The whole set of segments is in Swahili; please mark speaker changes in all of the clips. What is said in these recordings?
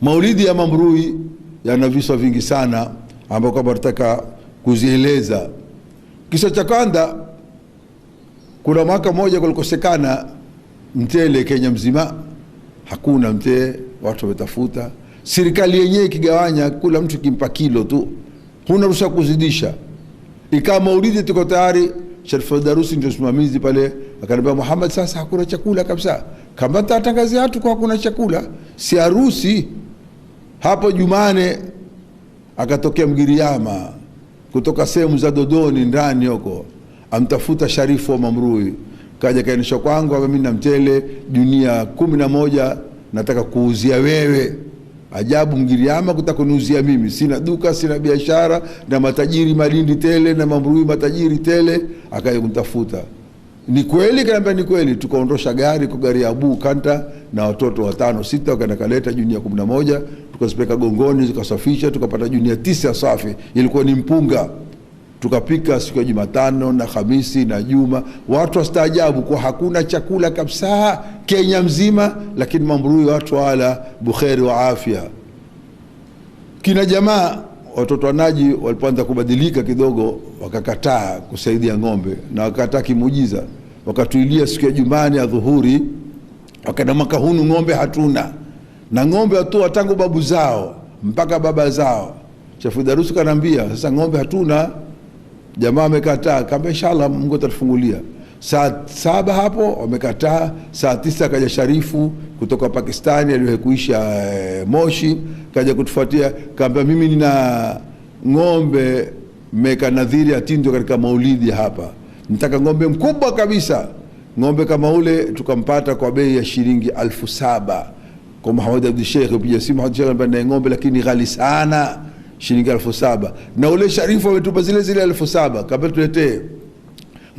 Speaker 1: Maulidi ya Mamrui yana visa vingi sana ambayo kwamba nataka kuzieleza. Kisa cha kwanza, kuna mwaka mmoja kulikosekana mtele Kenya mzima, hakuna mtee, watu wametafuta. Serikali yenyewe ikigawanya, kula mtu kimpa kilo tu, huna ruhusa kuzidisha. Ikawa maulidi tuko tayari. Sharif Darusi ndio msimamizi pale, akaniambia Muhammad, sasa hakuna chakula kabisa, kamata tangazi watu kwa hakuna chakula, si harusi hapo Jumane akatokea Mgiriama kutoka sehemu za Dodoni ndani huko, amtafuta Sharifu wa Mamrui, kaja kainisha kwangu, mimi na mchele junia kumi na moja nataka kuuzia wewe. Ajabu, Mgiriama kutaka kuniuzia mimi, sina duka sina biashara, na matajiri Malindi tele na Mamrui matajiri tele. Akaja kumtafuta ni kweli, kaniambia ni kweli. Tukaondosha gari kwa gari ya Abu Kanta na watoto watano sita, wakaenda kaleta junia kumi na moja tukazipeka gongoni zikasafisha, tukapata junia tisa safi, ilikuwa ni mpunga tukapika siku ya Jumatano na Hamisi na Juma. Watu wastaajabu kwa hakuna chakula kabisa Kenya mzima, lakini mambrui watu wala bukheri wa afya. Kina jamaa watoto wanaji walipoanza kubadilika kidogo, wakakataa kusaidia ng'ombe na wakataa kimujiza, wakatuilia siku ya Jumani adhuhuri, wakana mwaka hunu ng'ombe hatuna na ng'ombe watoa tangu babu zao mpaka baba zao. Darusu kanaambia sasa, ng'ombe hatuna, jamaa amekataa. Kaambia inshallah, Mungu atatufungulia. Saa saba hapo wamekataa. Saa tisa akaja Sharifu kutoka Pakistani aliyokuisha e, eh, Moshi, kaja kutufuatia, kaambia mimi nina ng'ombe meka nadhiri atindwe katika maulidi hapa, nitaka ng'ombe mkubwa kabisa. Ng'ombe kama ule tukampata kwa bei ya shilingi alfu saba kwa Muhammad Abdi Sheikh, piga simu Muhammad Sheikh anambia ng'ombe lakini ghali sana shilingi elfu saba na ule Sharifu ametupa zile zile elfu saba kaambia tuletee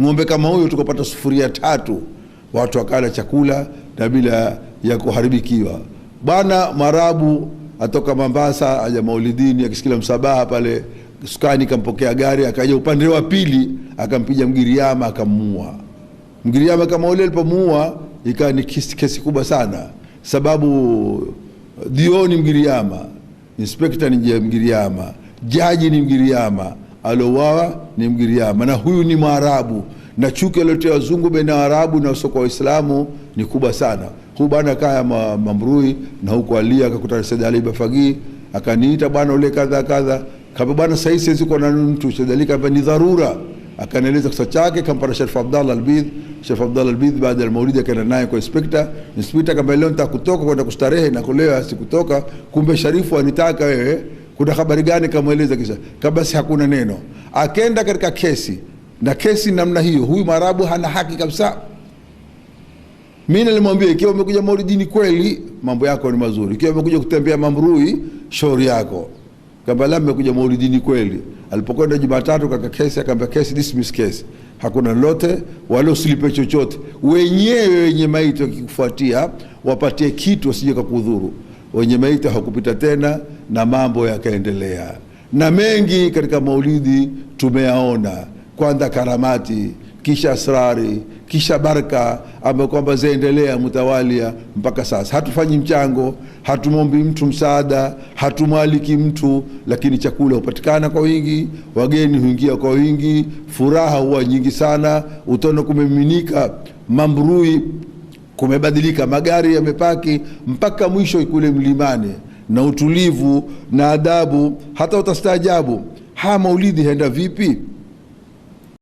Speaker 1: ng'ombe kama huyo, tukapata sufuria tatu, watu wakala chakula na bila ya kuharibikiwa. Bwana Marabu atoka Mombasa aja Maulidini, akisikia msabaha pale sukani, kampokea gari, akaja upande wa pili, akampiga Mgiriama akamuua. Mgiriama kama ule alipomuua, ikawa ni kesi kubwa sana sababu dio ni Mgiriama, inspekta ni Mgiriama, jaji ni Mgiriama, alowawa ni Mgiriama, na huyu ni Mwarabu na chuki aliotia wazungu baina ya waarabu na soko Waislamu ni kubwa sana. Huyu bwana kaya ma, Mamrui na huko alia akakutana Said Ali Bafagi, akaniita bwana ule kadha kadha, kama bwana sasa hizi na mtu Said Ali ni dharura, akanieleza kisa chake, kampata Sharif Abdallah Albidh Sheikh Abdalla Albidh baada ya maulidi akaenda naye kwa inspector. Inspector kama leo kutoka kwenda kustarehe na kulewa, sikutoka, kumbe Sharifu anitaka wewe, kuna habari gani? Kamweleza kisha kabasi, hakuna neno. Akenda katika kesi na kesi namna hiyo, huyu Mwarabu hana haki kabisa. Mimi nilimwambia ikiwa umekuja maulidini kweli, mambo yako ni mazuri. Ikiwa umekuja kutembea mamrui, shauri yako kwamba la mmekuja maulidini kweli. Alipokwenda Jumatatu kaka kesi akaambia kesi dismiss kesi, hakuna lolote wala usilipe chochote, wenyewe wenye maiti wakikufuatia wapatie kitu wasije kakudhuru. Wenye maiti hakupita tena na mambo yakaendelea, na mengi katika maulidi tumeyaona. Kwanza karamati kisha Asrari kisha Baraka ambayo kwamba zaendelea mtawalia mpaka sasa. Hatufanyi mchango, hatumwombi mtu msaada, hatumwaliki mtu, lakini chakula hupatikana kwa wingi, wageni huingia kwa wingi, furaha huwa nyingi sana, utaona kumeminika Mambrui kumebadilika, magari yamepaki mpaka mwisho kule mlimani, na utulivu na adabu, hata utastaajabu, haya maulidi haenda vipi?